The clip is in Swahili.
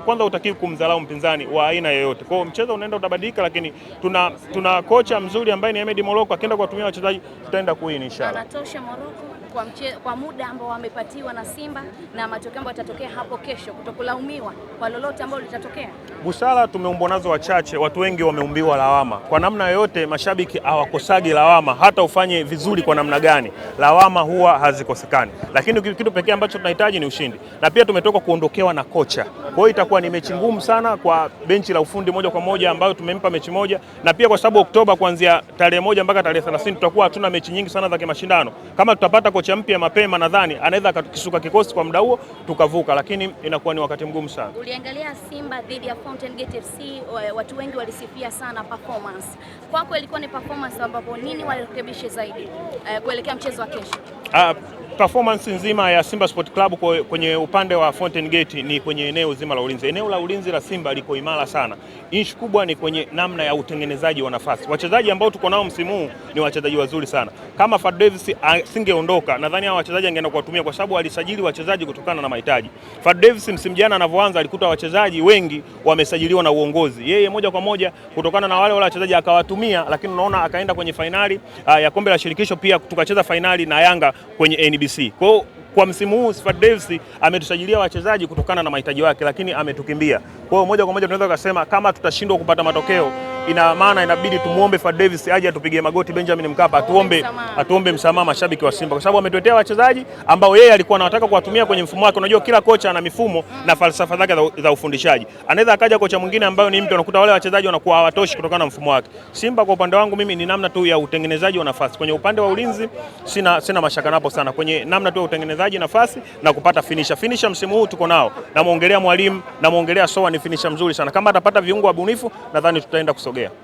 Kwanza hutakiwi kumdharau mpinzani wa aina yoyote. Kwa hiyo mchezo unaenda utabadilika, lakini tuna tuna kocha mzuri ambaye ni Ahmed Moroko, akienda kuwatumia wachezaji tutaenda kuini inshallah. Anatosha Moroko kwa, mche, kwa muda ambao wamepatiwa na Simba na matokeo ambayo yatatokea hapo kesho, kutokulaumiwa kwa lolote ambalo litatokea. Busara tumeumbwa nazo wachache, watu wengi wameumbiwa lawama kwa namna yoyote. Mashabiki hawakosagi lawama, hata ufanye vizuri kwa namna gani, lawama huwa hazikosekani, lakini kitu pekee ambacho tunahitaji ni ushindi, na pia tumetoka kuondokewa na kocha. Kwa hiyo itakuwa ni mechi ngumu sana kwa benchi la ufundi moja kwa moja, ambayo tumempa mechi moja, na pia kwa sababu Oktoba kuanzia tarehe moja mpaka tarehe 30 tutakuwa hatuna mechi nyingi sana za kimashindano kama tutapata kocha mpya mapema, nadhani anaweza akakisuka kikosi kwa muda huo tukavuka, lakini inakuwa ni wakati mgumu sana. Uliangalia Simba dhidi ya Fountain Gate FC, watu wengi walisifia sana performance kwako, ilikuwa ni performance ambapo nini walirekebishe zaidi eh, kuelekea mchezo wa kesho? Ah, performance nzima ya Simba Sport Club kwenye upande wa Fountain Gate ni kwenye eneo zima la ulinzi. Eneo la ulinzi la Simba liko imara sana. Inshi kubwa ni kwenye namna ya utengenezaji wa nafasi. Wachezaji ambao tuko nao msimu huu ni wachezaji wazuri sana. Kama Fad Davis asingeondoka, nadhani hao wachezaji angeenda kuwatumia kwa sababu alisajili wachezaji kutokana na mahitaji. Fad Davis msimu jana anavyoanza alikuta wachezaji wengi wamesajiliwa na uongozi. Yeye moja kwa moja kutokana na wale wale wachezaji akawatumia, lakini unaona akaenda kwenye fainali ah, ya kombe la shirikisho, pia tukacheza fainali na Yanga kwenye NBC NBC. Kwa hiyo kwa msimu huu Sifa Davis ametusajilia wachezaji kutokana na mahitaji yake, lakini ametukimbia. Kwa hiyo moja kwa moja tunaweza kusema kama tutashindwa kupata matokeo ina maana inabidi tumuombe Fadlu Davis aje atupige magoti Benjamin Mkapa atuombe, atuombe msamaha mashabiki wa Simba kwa sababu ametuletea wachezaji ambao yeye alikuwa anataka kuwatumia kwenye mfumo wake. Unajua kila kocha ana mifumo na falsafa zake za, za ufundishaji. Anaweza akaja kocha mwingine ambayo ni mtu anakuta wale wachezaji wanakuwa hawatoshi kutokana na mfumo wake. Simba kwa upande wangu mimi ni namna tu ya utengenezaji wa nafasi kwenye upande wa ulinzi, sina, sina mashaka napo sana kwenye namna tu ya utengenezaji nafasi na kupata finisha finisha. Msimu huu tuko nao, namwongelea mwalimu, namwongelea Soa, ni finisha mzuri sana. Kama atapata viungo wabunifu, nadhani tutaenda kusogea туди.